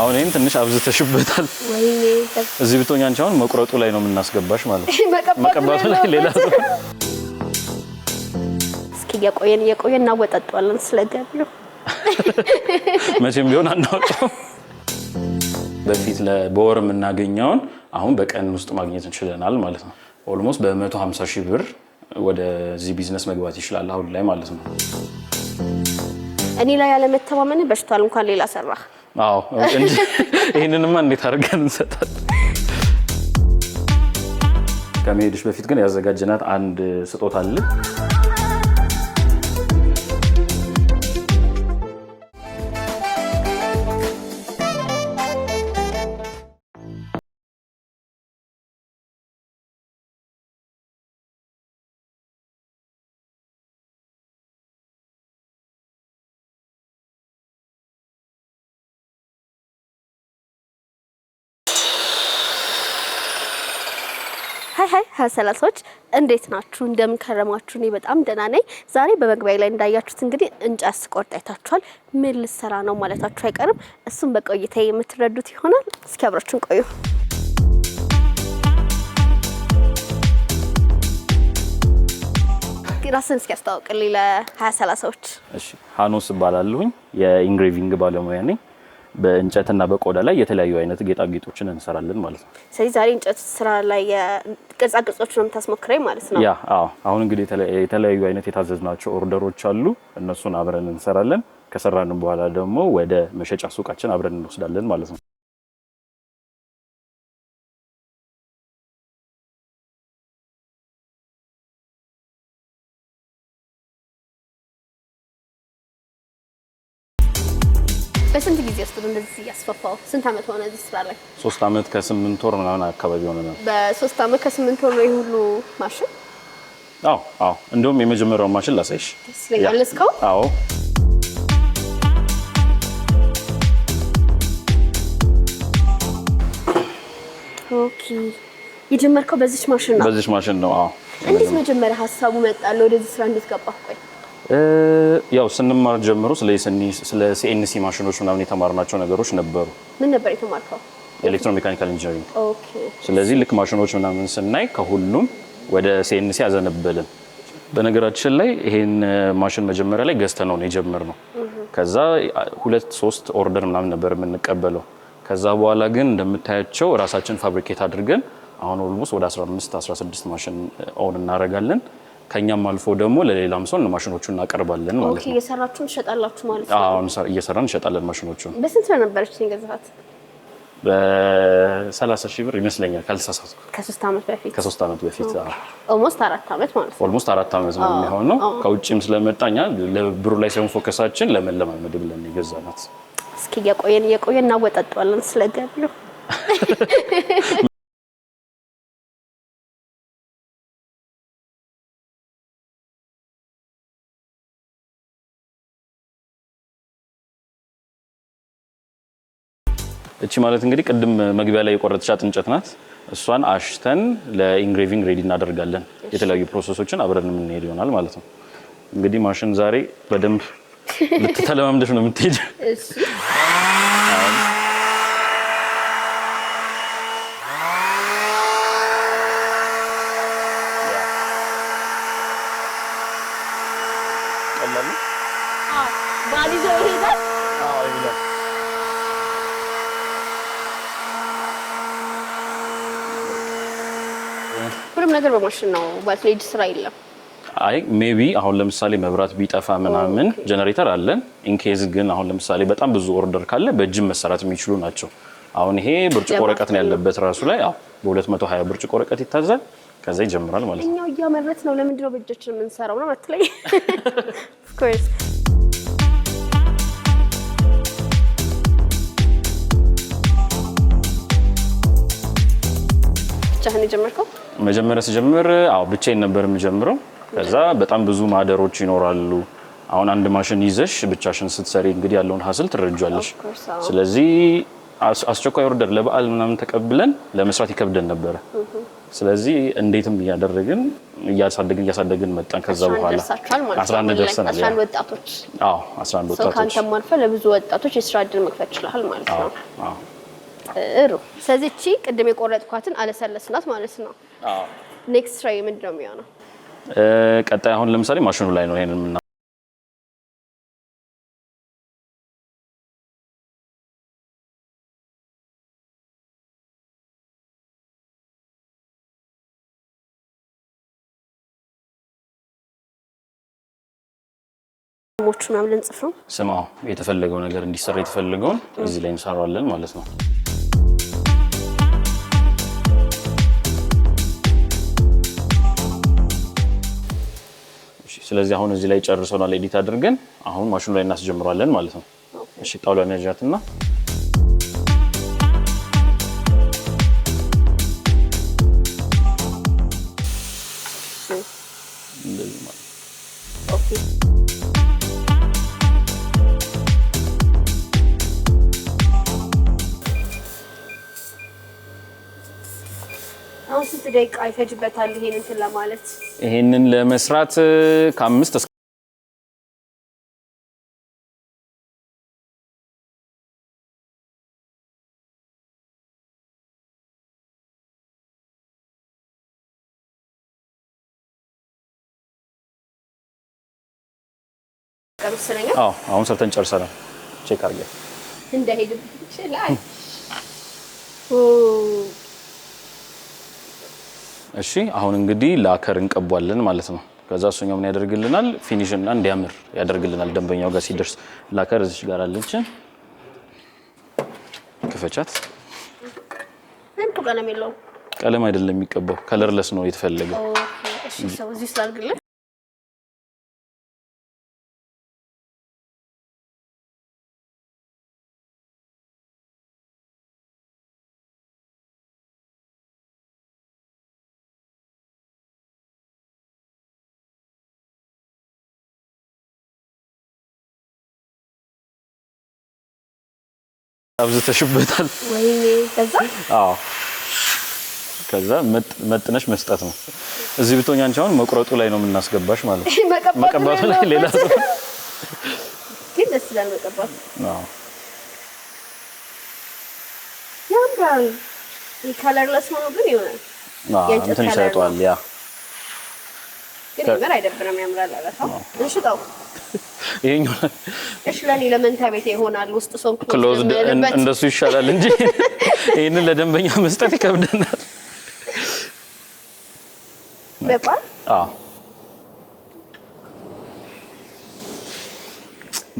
አሁን ይሄን ትንሽ አብዝተሽበታል። እዚህ ብትሆኝ አንቺ አሁን መቁረጡ ላይ ነው የምናስገባሽ ማለት ነው። መቀባቱ ላይ ሌላ እስኪ የቆየን የቆየን እናወጣጠዋለን። ስለገብ መቼም ቢሆን አናወጣው። በፊት በወር የምናገኘውን አሁን በቀን ውስጥ ማግኘት እንችለናል ማለት ነው። ኦልሞስት በ150 ሺህ ብር ወደዚህ ቢዝነስ መግባት ይችላል አሁን ላይ ማለት ነው። እኔ ላይ ያለመተማመን በሽቷል። እንኳን ሌላ ሰራ። አዎ ይህንንማ እንዴት አድርገን እንሰጣል። ከመሄድሽ በፊት ግን ያዘጋጀናት አንድ ስጦታ አለ። ሀይ ሀይ ሀያ ሰላሳዎች እንዴት ናችሁ? እንደምንከረማችሁ? እኔ በጣም ደህና ነኝ። ዛሬ በመግቢያ ላይ እንዳያችሁት እንግዲህ እንጨት ስቆርጥ አይታችኋል። ምን ልሰራ ነው ማለታችሁ አይቀርም። እሱም በቆይታ የምትረዱት ይሆናል። እስኪ አብራችን ቆዩ። ራስን እስኪ ያስተዋውቅልኝ ለሀያ ሰላሳዎች። እሺ ሀኖስ እባላለሁኝ የኢንግሬቪንግ ባለሙያ ነኝ። በእንጨትና በቆዳ ላይ የተለያዩ አይነት ጌጣጌጦችን እንሰራለን ማለት ነው። ስለዚህ ዛሬ እንጨት ስራ ላይ ቅርጻቅርጾች ነው የምታስሞክረኝ ማለት ነው? ያ አዎ። አሁን እንግዲህ የተለያዩ አይነት የታዘዝናቸው ኦርደሮች አሉ። እነሱን አብረን እንሰራለን። ከሰራንም በኋላ ደግሞ ወደ መሸጫ ሱቃችን አብረን እንወስዳለን ማለት ነው። በስንት ጊዜ ውስጥ ነው እንደዚህ ያስፈፋው? ስንት አመት ሆነ እዚህ ስራ ላይ? ሶስት አመት ከስምንት ወር ምናምን አካባቢ ሆነ ነው። በሶስት አመት ከስምንት ወር ነው ይህ ሁሉ ማሽን? አዎ አዎ። እንደውም የመጀመሪያውን ማሽን ላሳይሽ ደስ ይለኛል። አዎ ኦኬ የጀመርከው በዚች ማሽን ነው? በዚች ማሽን ነው። አዎ። እንዴት መጀመሪያ ሀሳቡ መጣለ? ወደዚህ ስራ እንድትገባ? ቆይ ያው ስንማር ጀምሮ ስለ ሲኒ ስለ ሲኤንሲ ማሽኖች ምናምን የተማርናቸው ነገሮች ነበሩ። ምን ነበር የተማርከው? ኤሌክትሮ ሜካኒካል ኢንጂነሪንግ። ስለዚህ ልክ ማሽኖች ምናምን ስናይ ከሁሉም ወደ ሲኤንሲ አዘነበልን። በነገራችን ላይ ይሄን ማሽን መጀመሪያ ላይ ገዝተ ነው ነው። ከዛ ሁለት ሶስት ኦርደር ምናምን ነበር የምንቀበለው። ከዛ በኋላ ግን እንደምታያቸው ራሳችን ፋብሪኬት አድርገን አሁን ኦልሞስት ወደ 15 16 ማሽን ኦን እናደርጋለን። ከኛም አልፎ ደግሞ ለሌላም ሰው ማሽኖቹን እናቀርባለን ማለት ነው። እየሰራችሁ እንሸጣላችሁ ማለት ነው? አሁን እየሰራን እንሸጣለን ማሽኖቹን። በስንት ነው ነበረች ገዛት? በሰላሳ ሺህ ብር ይመስለኛል ካልተሳሳትኩ። ከሶስት ዓመት በፊት ከሶስት ዓመት በፊት ኦልሞስት አራት ዓመት ማለት ነው። ኦልሞስት አራት ዓመት ነው የሚሆነው። ከውጭም ስለመጣኛ ለብሩ ላይ ሳይሆን ፎከሳችን ለመለማመድ ብለን የገዛናት። እስኪ እያቆየን እያቆየን እናወጣጠዋለን ስለገብ እቺ ማለት እንግዲህ ቅድም መግቢያ ላይ የቆረጥሻት እንጨት ናት። እሷን አሽተን ለኢንግሬቪንግ ሬዲ እናደርጋለን። የተለያዩ ፕሮሰሶችን አብረን የምንሄድ ይሆናል ማለት ነው። እንግዲህ ማሽን ዛሬ በደንብ ልትተለማምደሽ ነው የምትሄድ ነገር በማሽን ነው ማለት ስራ የለም። አይ ሜቢ አሁን ለምሳሌ መብራት ቢጠፋ ምናምን ጀነሬተር አለን። ኢንኬዝ ግን አሁን ለምሳሌ በጣም ብዙ ኦርደር ካለ በእጅም መሰራት የሚችሉ ናቸው። አሁን ይሄ ብርጭቆ ወረቀት ነው ያለበት ራሱ ላይ በ220 ብርጭቆ ወረቀት ይታዛል። ከዛ ይጀምራል ማለት ነው። እኛው እያመረት ነው። ለምንድነው በእጃችን የምንሰራው ነው አትለኝ። ኦፍኮርስ ብቻህን የጀመርከው? መጀመሪያ ስጀምር አዎ ብቻዬን ነበር የምጀምረው። ከዛ በጣም ብዙ ማደሮች ይኖራሉ። አሁን አንድ ማሽን ይዘሽ ብቻሽን ስትሰሪ እንግዲህ ያለውን ሀስል ትረጃለሽ። ስለዚህ አስቸኳይ ኦርደር ለበዓል ምናምን ተቀብለን ለመስራት ይከብደን ነበረ። ስለዚህ እንዴትም እያደረግን እያሳደግን እያሳደግን መጣን። ከዛ በኋላ አስራ ደርሰናል። ወጣቶች አዎ፣ አስራ ወጣቶች ከአንተም አልፈህ ለብዙ ወጣቶች የስራ እድል መክፈት ይችላል ማለት ነው። ጥሩ። ስለዚህ እቺ ቅድም የቆረጥኳትን አለሰለስናት ማለት ነው። ኔክስት ስራ ምንድን ነው የሚሆነው? ቀጣይ አሁን ለምሳሌ ማሽኑ ላይ ነው ይሄን የምና ሞቹ ምናምን ልንጽፍ ነው። ስማው የተፈለገው ነገር እንዲሰራ የተፈለገውን እዚህ ላይ እንሰራዋለን ማለት ነው። ስለዚህ አሁን እዚህ ላይ ጨርሰናል ኤዲት አድርገን አሁን ማሽኑ ላይ እናስጀምረዋለን ማለት ነው። እሺ ጣውላ ነጃትና አሁን ስንት ደቂቃ ይፈጅበታል? ይሄን እንትን ለማለት ይሄንን ለመስራት ከአምስት እስከ አዎ አሁን ሰርተን ጨርሰናል። ቼክ አድርገን እንደሄድም ይችላል። እሺ አሁን እንግዲህ ላከር እንቀቧለን ማለት ነው። ከዛ እሱኛው ምን ያደርግልናል? ፊኒሽ እና እንዲያምር ያደርግልናል። ደንበኛው ጋር ሲደርስ ላከር እዚች ጋር አለችን፣ ክፈቻት። ቀለም ቀለም አይደለም የሚቀባው፣ ከለርለስ ነው የተፈለገው። አብዝተሽበታል። አዎ ከዛ መጥነሽ መስጠት ነው። እዚህ ብትሆኝ አንቺ አሁን መቁረጡ ላይ ነው የምናስገባሽ ማለት ነው። መቀባቱ ላይ ሌላ ግን ደስ ይላል እንትን ይሰጠዋል። ያ ግን ይመር አይደብርም። ያምራል። ይሄኛው እሺ፣ ለኔ ለመንታ ቤት ይሆናል። ውስጥ ሰው ክሎዝ እንደሱ ይሻላል እንጂ ይሄንን ለደንበኛ መስጠት ይከብደናል።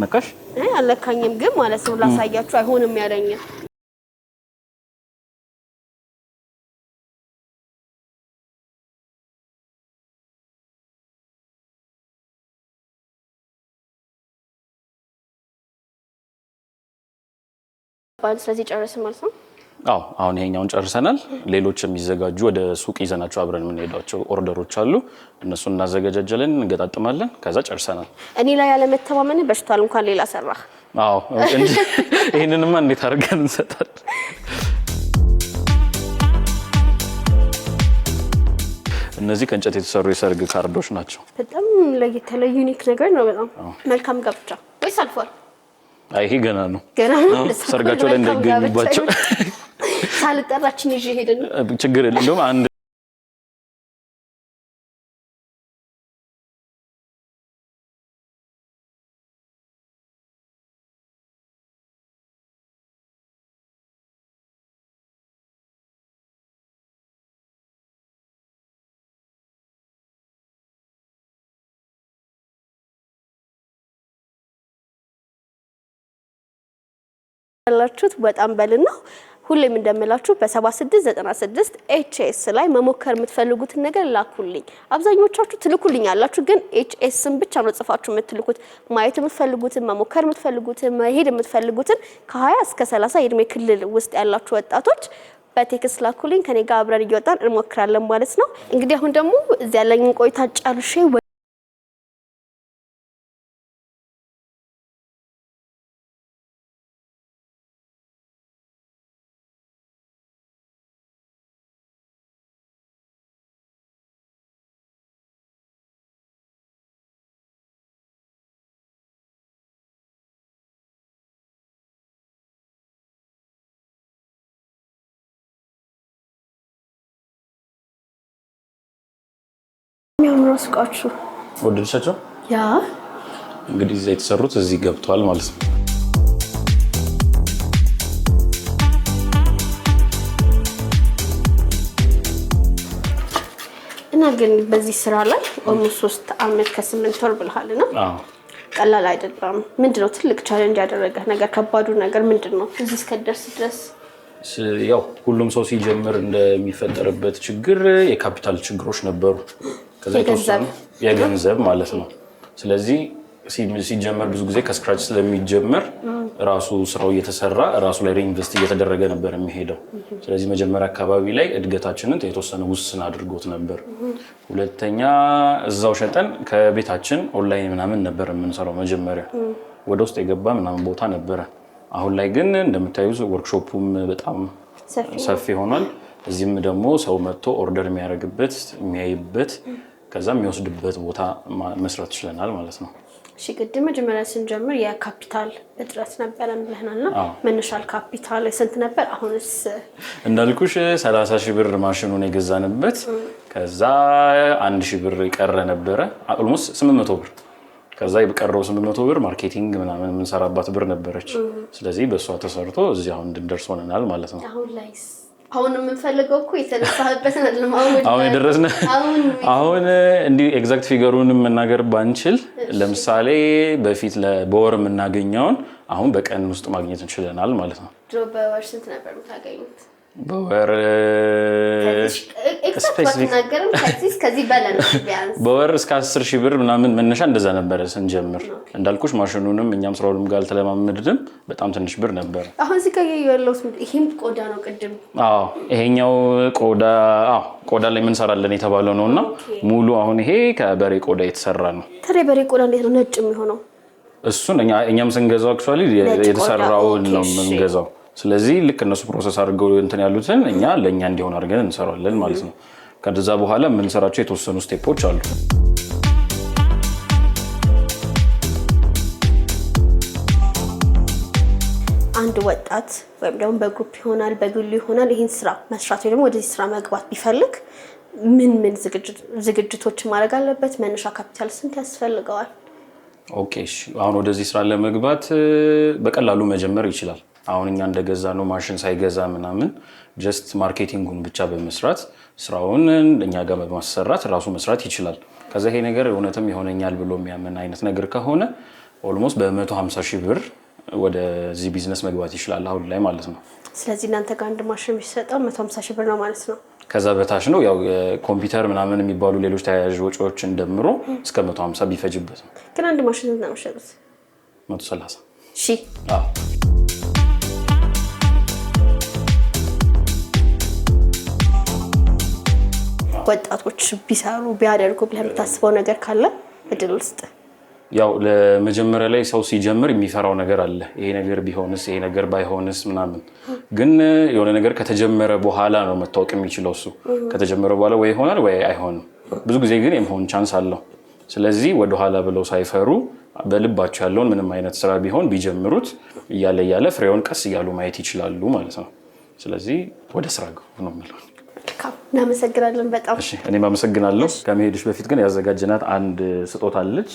ነካሽ አይ አለካኝም፣ ግን ማለት ነው ላሳያችሁ አይሆንም ያለኝ ባል ስለዚህ ጨረስን ማለት ነው። አዎ አሁን ይሄኛውን ጨርሰናል። ሌሎች የሚዘጋጁ ወደ ሱቅ ይዘናቸው አብረን የምንሄዷቸው ኦርደሮች አሉ። እነሱን እናዘገጃጀለን፣ እንገጣጥማለን። ከዛ ጨርሰናል። እኔ ላይ ያለመተማመን በሽቷል። እንኳን ሌላ ሰራ አዎ እንጂ ይህንንማ እንዴት አድርገን እንሰጣል እነዚህ ከእንጨት የተሰሩ የሰርግ ካርዶች ናቸው። በጣም ለየት ዩኒክ ነገር ነው። በጣም መልካም ጋብቻ ወይስ አልፏል? ይሄ ገና ነው። ሰርጋቸው ላይ እንዳይገኙባቸው ሳልጠራችን ይዤ ሄደ ነው ችግር የለም። ያላችሁት በጣም በልን ነው። ሁሌም እንደምላችሁ በ7696 ኤችኤስ ላይ መሞከር የምትፈልጉትን ነገር ላኩልኝ። አብዛኞቻችሁ ትልኩልኝ አላችሁ ግን ኤችኤስን ብቻ ነው ጽፋችሁ የምትልኩት። ማየት የምትፈልጉትን፣ መሞከር የምትፈልጉትን፣ መሄድ የምትፈልጉትን ከ20 እስከ 30 የእድሜ ክልል ውስጥ ያላችሁ ወጣቶች በቴክስት ላኩልኝ። ከኔ ጋር አብረን እየወጣን እንሞክራለን ማለት ነው። እንግዲህ አሁን ደግሞ እዚያ ያለኝን ቆይታ ጨርሼ የሚያምሩ ሱቃችሁ ወደድሻቸው? ያ እንግዲህ እዚያ የተሰሩት እዚህ ገብተዋል ማለት ነው። እና ግን በዚህ ስራ ላይ ኦልሞስት ሶስት አመት ከስምንት ወር ብልሃል ነው። ቀላል አይደለም። ምንድን ነው ትልቅ ቻለንጅ ያደረገ ነገር? ከባዱ ነገር ምንድን ነው? እዚህ እስከደርስ ድረስ ያው ሁሉም ሰው ሲጀምር እንደሚፈጠርበት ችግር የካፒታል ችግሮች ነበሩ። ከዛ የተወሰኑ የገንዘብ ማለት ነው። ስለዚህ ሲጀመር ብዙ ጊዜ ከስክራች ስለሚጀመር ራሱ ስራው እየተሰራ ራሱ ላይ ሪኢንቨስት እየተደረገ ነበር የሚሄደው። ስለዚህ መጀመሪያ አካባቢ ላይ እድገታችንን የተወሰነ ውስን አድርጎት ነበር። ሁለተኛ እዛው ሸጠን ከቤታችን ኦንላይን ምናምን ነበር የምንሰራው። መጀመሪያ ወደ ውስጥ የገባ ምናምን ቦታ ነበረ። አሁን ላይ ግን እንደምታዩ ወርክሾፑም በጣም ሰፊ ሆኗል። እዚህም ደግሞ ሰው መጥቶ ኦርደር የሚያደርግበት የሚያይበት ከዛ የሚወስድበት ቦታ መስራት ችለናል ማለት ነው። እሺ ቅድም መጀመሪያ ስንጀምር የካፒታል እጥረት ነበረ ብለናል መነሻል ካፒታል ስንት ነበር? አሁንስ እንዳልኩሽ ሰላሳ ሺህ ብር ማሽኑን የገዛንበት ከዛ አንድ ሺህ ብር የቀረ ነበረ አቅልሞስ ስምንት መቶ ብር ከዛ የቀረው ስምንት መቶ ብር ማርኬቲንግ ምናምን የምንሰራባት ብር ነበረች። ስለዚህ በእሷ ተሰርቶ እዚህ አሁን እንድንደርስ ሆነናል ማለት ነው። አሁን አሁን የምንፈልገው እኮ የተነሳህበትን ለማወቅ አሁን የደረስነ አሁን እንዲህ ኤግዛክት ፊገሩን መናገር ባንችል፣ ለምሳሌ በፊት በወር የምናገኘውን አሁን በቀን ውስጥ ማግኘት እንችለናል ማለት ነው። ድሮ በወር ስንት ነበር የምታገኙት? በወር በወር እስከ አስር ሺህ ብር ምናምን መነሻ እንደዛ ነበረ ስንጀምር። እንዳልኩሽ ማሽኑንም እኛም ስራውንም ጋር አልተለማመድንም። በጣም ትንሽ ብር ነበር። አሁን እዚህ ጋር ያለው ይሄም ቆዳ ነው ቅድም። አዎ ይሄኛው ቆዳ አዎ ቆዳ ላይ የምንሰራለን የተባለው ነው እና ሙሉ አሁን ይሄ ከበሬ ቆዳ የተሰራ ነው። ታዲያ በሬ ቆዳ እንዴት ነው ነጭ የሚሆነው? እሱን እኛም ስንገዛው አክቹዋሊ የተሰራውን ነው የምንገዛው ስለዚህ ልክ እነሱ ፕሮሰስ አድርገው እንትን ያሉትን እኛ ለእኛ እንዲሆን አድርገን እንሰራለን ማለት ነው። ከዛ በኋላ የምንሰራቸው የተወሰኑ ስቴፖች አሉ። አንድ ወጣት ወይም ደግሞ በግሩፕ ይሆናል በግሉ ይሆናል ይህን ስራ መስራት ወይ ደግሞ ወደዚህ ስራ መግባት ቢፈልግ ምን ምን ዝግጅቶች ማድረግ አለበት? መነሻ ካፒታል ስንት ያስፈልገዋል? ኦኬ፣ አሁን ወደዚህ ስራ ለመግባት በቀላሉ መጀመር ይችላል። አሁን እኛ እንደገዛ ነው ማሽን ሳይገዛ ምናምን ጀስት ማርኬቲንጉን ብቻ በመስራት ስራውን እኛ ጋር በማሰራት ራሱ መስራት ይችላል። ከዛ ይሄ ነገር እውነትም ይሆነኛል ብሎ የሚያምን አይነት ነገር ከሆነ ኦልሞስት በ150 ሺህ ብር ወደዚህ ቢዝነስ መግባት ይችላል አሁን ላይ ማለት ነው። ስለዚህ እናንተ ጋር አንድ ማሽን የሚሰጠው 150 ሺህ ብር ነው ማለት ነው። ከዛ በታች ነው ያው ኮምፒውተር ምናምን የሚባሉ ሌሎች ተያያዥ ወጪዎችን ደምሮ እስከ 150 ቢፈጅበት ነው። ግን አንድ ማሽን ነው የሚሸጡት 130 ሺህ ወጣቶች ቢሰሩ ቢያደርጉ ብለህ የምታስበው ነገር ካለ እድል ውስጥ ያው ለመጀመሪያ ላይ ሰው ሲጀምር የሚፈራው ነገር አለ። ይሄ ነገር ቢሆንስ፣ ይሄ ነገር ባይሆንስ ምናምን። ግን የሆነ ነገር ከተጀመረ በኋላ ነው መታወቅ የሚችለው። እሱ ከተጀመረ በኋላ ወይ ይሆናል ወይ አይሆንም። ብዙ ጊዜ ግን የመሆን ቻንስ አለው። ስለዚህ ወደኋላ ብለው ሳይፈሩ በልባቸው ያለውን ምንም አይነት ስራ ቢሆን ቢጀምሩት እያለ እያለ ፍሬውን ቀስ እያሉ ማየት ይችላሉ ማለት ነው። ስለዚህ ወደ ስራ ግቡ ነው የሚለው። መልካም እናመሰግናለን። በጣም እኔም አመሰግናለሁ። ከመሄድሽ በፊት ግን ያዘጋጅናት አንድ ስጦታ አለች።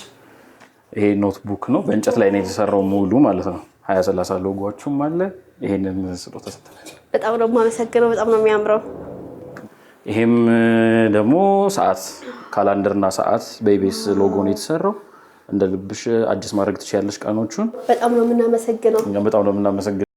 ይሄ ኖትቡክ ነው። በእንጨት ላይ ነው የተሰራው ሙሉ ማለት ነው። ሀያ ሰላሳ ሎጓችሁም አለ። ይሄንን ስጦታ ሰጥተናል። በጣም ነው የማመሰግነው። በጣም ነው የሚያምረው። ይሄም ደግሞ ሰዓት ካላንደርና ሰዓት በኢቢኤስ ሎጎ ነው የተሰራው። እንደ ልብሽ አዲስ ማድረግ ትችያለሽ ቀኖቹን። በጣም ነው የምናመሰግነው። በጣም ነው የምናመሰግነው።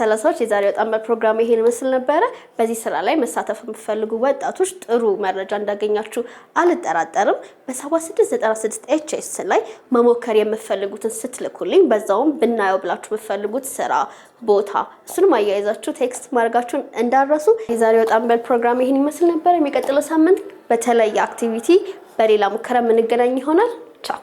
ሰላሳዎች የዛሬ ወጣንበት ፕሮግራም ይሄን ይመስል ነበረ። በዚህ ስራ ላይ መሳተፍ የምትፈልጉ ወጣቶች ጥሩ መረጃ እንዳገኛችሁ አልጠራጠርም። በ7696 ኤች ኤስ ላይ መሞከር የምትፈልጉትን ስትልኩልኝ በዛውም ብናየው ብላችሁ የምትፈልጉት ስራ ቦታ፣ እሱንም አያይዛችሁ ቴክስት ማድረጋችሁን እንዳረሱ። የዛሬ ወጣንበት ፕሮግራም ይሄን ይመስል ነበረ። የሚቀጥለው ሳምንት በተለየ አክቲቪቲ በሌላ ሙከራ የምንገናኝ ይሆናል። ቻው